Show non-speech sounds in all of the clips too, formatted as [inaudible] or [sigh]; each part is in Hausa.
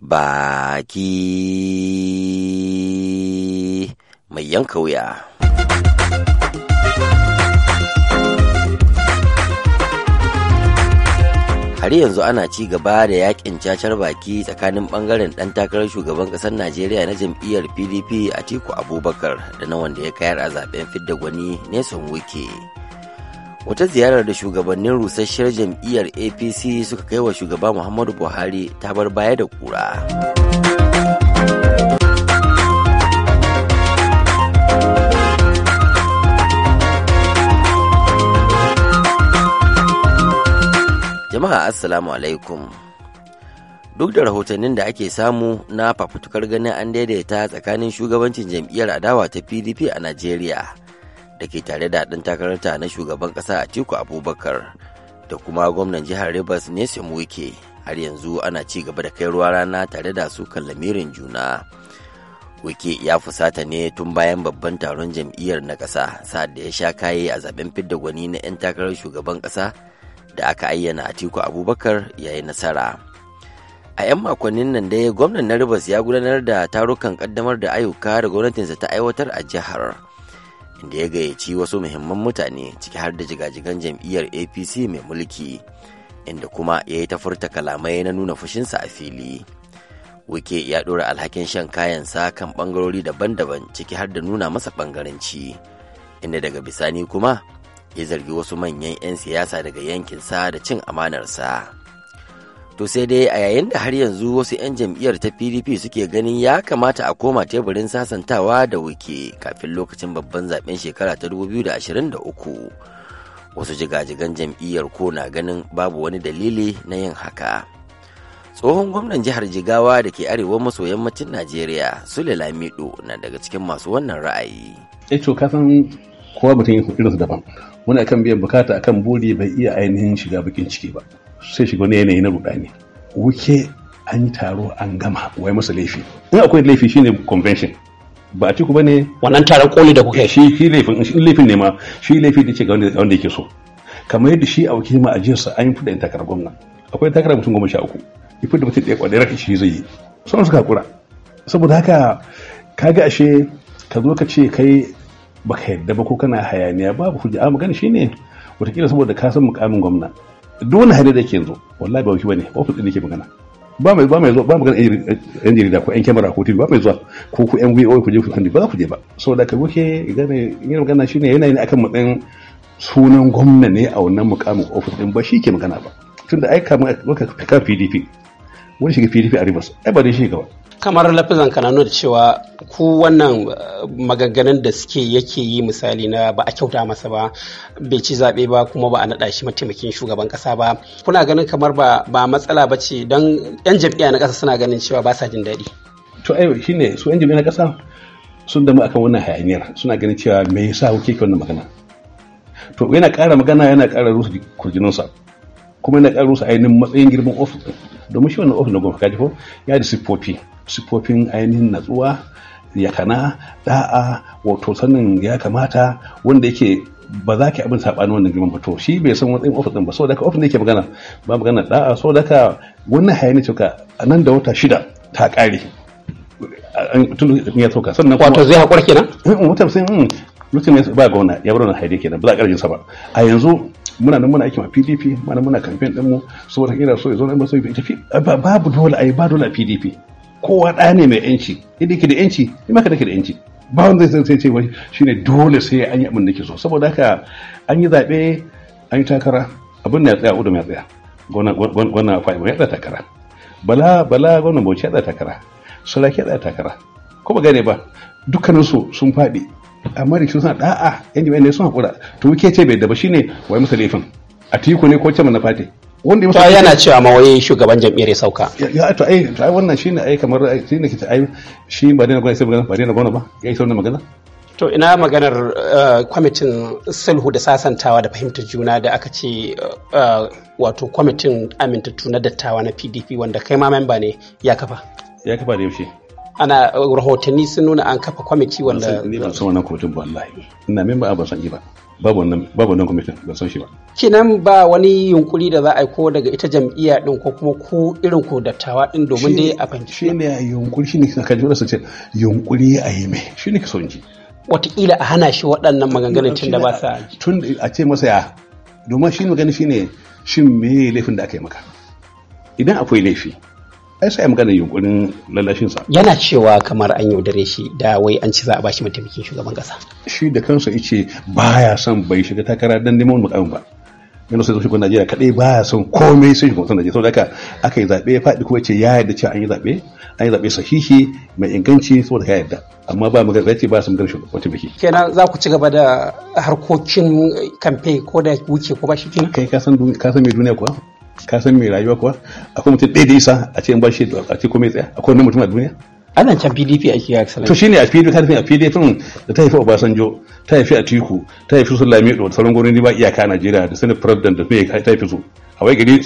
baki mai yanka wuya. Har yanzu ana ci gaba da yakin cacar baki tsakanin bangaren ɗan takarar shugaban ƙasar Najeriya na jam'iyyar PDP Atiku Abubakar da na wanda ya kayar a zaben fidda gwani Nelson Wike. wata ziyarar da shugabannin rusasshiyar jam'iyyar apc suka kai wa shugaba muhammadu buhari ta bar baya da kura jama'a assalamu alaikum duk da rahotannin da ake samu na fafutukar ganin an daidaita tsakanin shugabancin jam'iyyar adawa ta pdp a najeriya da ke tare da ɗan takararta na shugaban ƙasa Atiku Abubakar da kuma gwamnan jihar Rivers Nyesom Wike har yanzu ana ci gaba da kai ruwa rana tare da su kan lamirin juna. Wike ya fusata ne tun bayan babban taron jam'iyyar na ƙasa sa'ad da ya sha kaye a zaben fidda gwani na 'yan takarar shugaban ƙasa da aka ayyana a tiku Abubakar ya yi nasara. A 'yan makonnin nan dai gwamnan na Ribas ya gudanar da tarukan ƙaddamar da ayyuka da gwamnatinsa ta aiwatar a jihar. inda ya gayyaci wasu muhimman mutane ciki har da jigajigan jam'iyyar apc mai mulki inda kuma ya yi ta furta kalamai na nuna fushinsa a fili wike ya ɗora alhakin shan kayansa kan ɓangarori daban-daban ciki har da nuna masa ɓangaranci inda daga bisani kuma ya zargi wasu manyan 'yan siyasa daga yankinsa da cin amanarsa. To sai dai a yayin da har yanzu wasu 'yan jam'iyyar ta PDP suke ganin ya kamata a koma teburin sasantawa da wuke kafin lokacin babban zaben shekara ta 2023. Wasu jigajigan jam'iyyar ko na ganin babu wani dalili na yin haka. Tsohon gwamnan jihar Jigawa da ke arewa maso yammacin Najeriya, Sule Lamido na daga cikin masu wannan ra'ayi. Eto eh kasan kowa mutum yin irinsu daban. wani akan biyan bukata akan buri bai iya ainihin shiga bikin ciki ba. sai shiga wani yanayi na rudani wuke an yi taro an gama wai masa laifi in akwai laifi shine convention ba a ba bane wannan taron koli da kuka shi shi laifin shi laifin ne ma shi laifin da ke ga wanda wanda yake so kamar yadda shi a wakil ma ajiyar sa an yi fudin takarar gwamna akwai takarar mutum goma sha uku Yi fudda mutum ɗaya kwadai shi zai yi sauran suka kura saboda haka ka ga ashe ka zo ka ce kai baka yadda ba ko kana hayaniya babu hujja a magana shine Wataƙila saboda ka san mukamin gwamna duk wani hari da ke yanzu wallahi ba wuki bane ofis din ke magana ba mai ba mai zuwa ba magana yan jarida ko yan kyamara ko tv ba mai zuwa ko ku yan voa ku je ku kandi ba za ku je ba saboda ka wuke gane yin magana shine yanayi ne akan matsayin sunan gwamna ne a wannan mukamin ofis din ba shi ke magana ba tunda ai kamar ka pdp wani shiga pdp a rivers ai ba dai shiga ba kamar lafizan ka na nuna cewa ku wannan eh, maganganun da suke yake yi misali na ba a kyauta masa ba bai ci zaɓe ba kuma ba a naɗa shi mataimakin shugaban ƙasa ba kuna ganin kamar ba ba matsala ba ce don yan jam'iyya na ƙasa suna ganin cewa ba sa jin daɗi to ai ne su yan jam'iyya na ƙasa sun damu akan wannan hayaniyar suna ganin cewa me yasa kuke wannan magana to yana ƙara magana yana ƙara rusa kurjinansa kuma yana ƙara rusa ainihin matsayin girman ofis domin shi wannan ofis na gwamnati kaji ko ya da siffofi siffofin ainihin natsuwa yakana da'a wato sanin ya kamata wanda yake ba za ki abin saɓani wannan girman fito shi bai san wani ofis ɗin ba so ka ofis ne yake magana ba magana da'a so ka wannan hayani cewa a nan da wata shida ta ƙare tun ya sauka sannan wato zai haƙura kenan mm, mm, mutum sai mm, mutum ya ba gauna ya bar wannan hayani kenan ba za a ƙarfin sa ba a yanzu muna nan muna aiki ma PDP mana muna kamfen din mu saboda ina so ya zo nan ba so tafi babu dole ai ba dole a PDP kowa ɗa ne mai yanci idan ke da yanci in maka da da yanci ba wanda zai sai ce wai shine dole sai an yi abin da ke so saboda haka an yi zaɓe an yi takara abin da ya tsaya udu ya tsaya gwana fa'imu ya tsaya takara bala bala gwamnan bauchi ya tsaya takara sulaki ya tsaya takara ko ba gane ba dukkaninsu sun faɗi amma da shi suna da'a yan jima'i ne sun haƙura. to muke ce bai da ba shine wai masa laifin a tiku ne ko ce na fati wanda ya yana cewa ma wai shugaban jam'iyyar ya sauka ya to ai to ai wannan shine ai kamar shine ke ai shi ba dai na gwamnati sai ba dai na gwamnati ba yayi sauran magana to ina maganar uh, kwamitin sulhu da sasantawa da fahimtar juna da aka ce uh, uh, wato kwamitin amintattu na dattawa na pdp wanda kai ma memba ne ya kafa ya kafa da yaushe ana rahotanni sun nuna an kafa kwamiti wanda ni ban san wannan kwamitin ba wallahi ina memba ba san ba babu wannan babu wannan kwamitin ban san shi ba kinan ba wani yunkuri da za a ko daga ita jam'iyya din ko kuma ku irin ko dattawa din domin dai a fahimci shi ne yunkuri ne kina kaji wanda sace yunkuri a yi mai ne ka son ji watakila a hana shi waɗannan maganganun tun da ba sa tun a ce masa ya domin shi magana ne shin me laifin da aka yi maka idan akwai laifi ai sai magana yunkurin lalashin sa yana cewa kamar an yaudare shi da wai an ci za a bashi mataimakin shugaban kasa shi da kansa yace baya son bai shiga takara dan neman mukamin ba yana sai shugaban Najeriya kadai baya son komai sai shugaban Najeriya saboda haka aka yi zabe ya faɗi kuma yace ya yarda cewa an yi zabe an yi zabe sahihi mai inganci saboda ka yarda amma ba magana zai ce ba su magana shugaban biki kenan za ku ci gaba da harkokin kamfe ko da wuce ko ba shi kenan kai ka san ka san me duniya kuwa ka san mai rayuwa kuwa akwai mutum ɗaya da isa a cikin bashi ba shi a ce komai tsaya akwai wani mutum a duniya ana can pdp a kiyar excellence to shine a pdp ta tafi a pdp da ta haifi obasanjo ta haifi tiku ta haifi su lami da sauran gwamnati ba iyaka a najeriya da sani president da mai ta haifi su a wai gari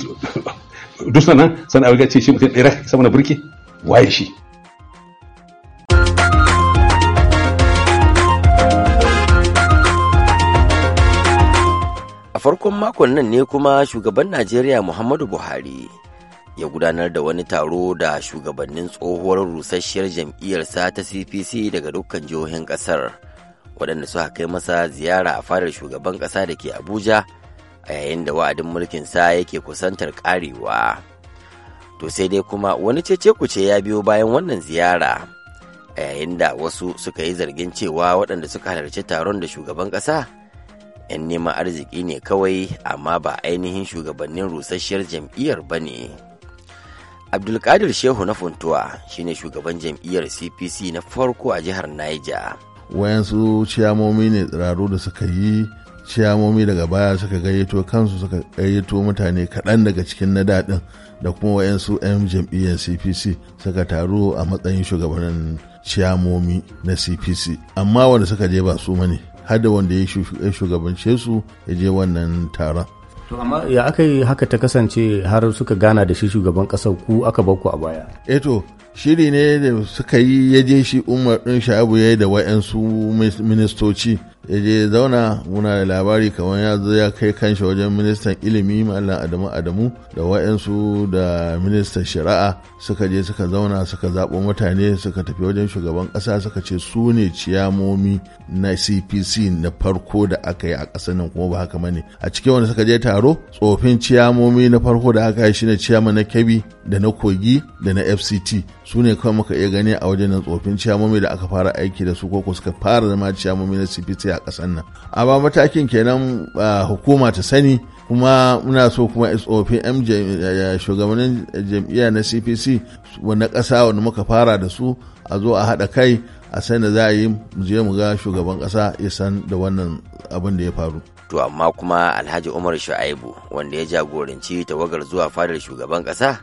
[laughs] duk sanan sanan a wai ce shi mutum ɗaya sama na burki waye shi farkon makon nan ne kuma shugaban Najeriya Muhammadu Buhari ya gudanar da wani taro da shugabannin tsohuwar rusasshiyar jam'iyyarsa ta CPC daga dukkan jihohin kasar, waɗanda suka kai masa ziyara a fadar shugaban ƙasa da ke Abuja a yayin da wa'adin mulkinsa yake kusantar ƙarewa. To sai dai kuma wani cece kuce ya biyo bayan wannan ziyara a yayin da wasu suka yi zargin cewa waɗanda suka halarci taron da shugaban ƙasa 'yan neman arziki ne kawai amma ba ainihin shugabannin rusasshiyar jam'iyyar ba ne abdulkadir shehu na funtuwa shine shugaban jam'iyyar cpc na farko a jihar niger wayansu ciyamomi ne tsiraru da suka yi ciyamomi daga baya suka gayyato kansu suka gayyato mutane kaɗan daga cikin na daɗin da kuma wayansu 'yan jam'iyyar cpc suka taru a matsayin shugabannin ciyamomi na cpc amma wanda suka je ba su mani. har wanda ya shugabance su ya je wannan taron to amma ya aka yi haka ta kasance har suka gana da shi shugaban ƙasar ku aka bakku a baya eto eh shiri ne da suka yi ya je shi umar ɗin sha'abu ya yi da wa'yansu ministoci ya je zauna muna da labari kamar ya zo ya kai kanshi wajen ministan ilimi mallam adamu adamu da wa'yansu da ministan shari'a suka je suka zauna suka zaɓo mutane suka tafi wajen shugaban ƙasa suka ce su ne ciyamomi na cpc na farko da aka yi a ƙasar nan kuma ba haka ne. a cikin wanda suka je taro tsofin ciyamomi na farko da aka yi shine ciyama na kebbi da na kogi da na fct su ne kawai muka iya gani a wajen tsofin ciyamomi da aka fara aiki da su koko suka fara zama ciyamomi na cpt a ƙasar nan a ba matakin kenan hukuma ta sani kuma muna so kuma tsofin shugabannin jam'iyya na cpc wanda ƙasa wanda muka fara da su a zo a haɗa kai a san da za a yi je mu ga shugaban ƙasa ya san da wannan abin da ya faru to amma kuma alhaji umar shu'aibu wanda ya jagoranci tawagar zuwa fadar shugaban ƙasa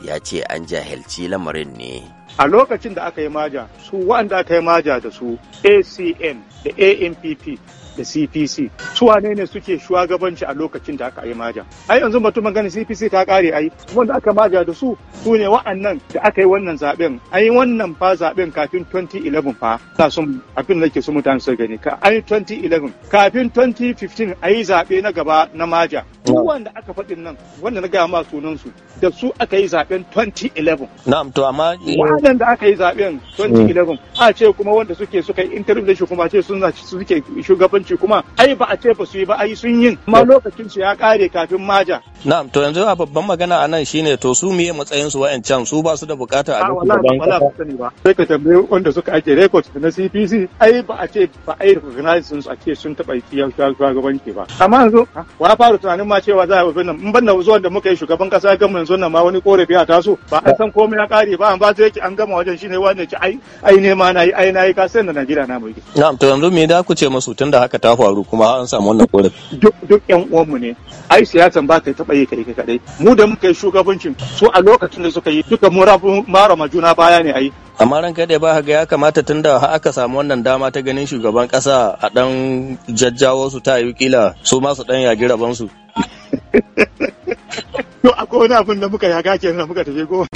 ya ce an jahilci lamarin ne. A lokacin da aka yi maja, su wanda aka yi maja da su ACN da ANPP da cpc su wane ne suke shugabanci a lokacin da aka yi maja ai yanzu batun magana cpc ta kare ai wanda aka maja da su su ne wa'annan da aka yi wannan zaben ai wannan fa zaben kafin 2011 fa sa sun abin da ke su mutane su gani ka ai 2011 kafin 2015 ayi zabe na gaba na maja duk wanda aka faɗin nan wanda na gaya ma sunan su da su aka yi zaben 2011 na'am to amma eh, wannan da aka yi zaben 2011 a ce kuma wanda suke suka yi interview da shi kuma ce sun suke shugaban shugabanci kuma ai ba a ce ba su yi ba ai sun yin amma lokacin su ya kare kafin maja na'am to yanzu a babban magana a nan shine to su miye matsayin su wa'ancan su ba su da bukata a lokacin gaban ba sai ka tambaye wanda suka ake record na CPC ai ba a ce ba ai recognize sun a ce sun taba shugabanci ba amma yanzu wa faru tunanin ma cewa za a yi nan in ban da zuwan da muka yi shugaban kasa ga yanzu nan ma wani korafi a taso ba an san komai ya kare ba an ba ta yake an gama wajen shine wanda ci ai ai ne ma na yi ai na yi ka sai na Najeriya na mu yi na'am to yanzu me da ku ce masu tunda haka haka ta faru kuma an samu wannan korafi duk yan uwanmu ne ai siyasan ba kai taɓa yi kai kaɗai. mu da muka yi shugabancin su a lokacin da suka yi duka mu mara majuna baya ne ai amma ran kada ba ga ya kamata tunda aka samu wannan dama ta ganin shugaban kasa a dan jajjawo su ta yi kila su ma su dan yagi rabansu [laughs] to akwai wani abin da muka yaga kenan muka tafi goma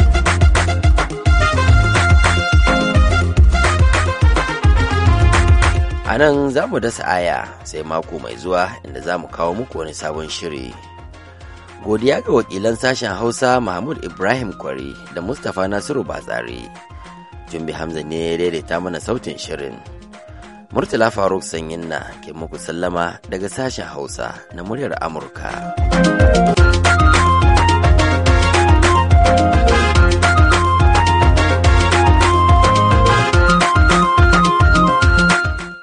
nan za mu dasa aya sai mako mai zuwa inda za mu kawo muku wani sabon shiri. Godiya ga wakilan sashen Hausa Mahmud Ibrahim Kwari da Mustapha Nasiru Batsari. Jumbi Hamza ne ya daidaita mana sautin shirin. Murtala Faruk Sanyin na ke muku sallama daga sashen Hausa na muryar Amurka.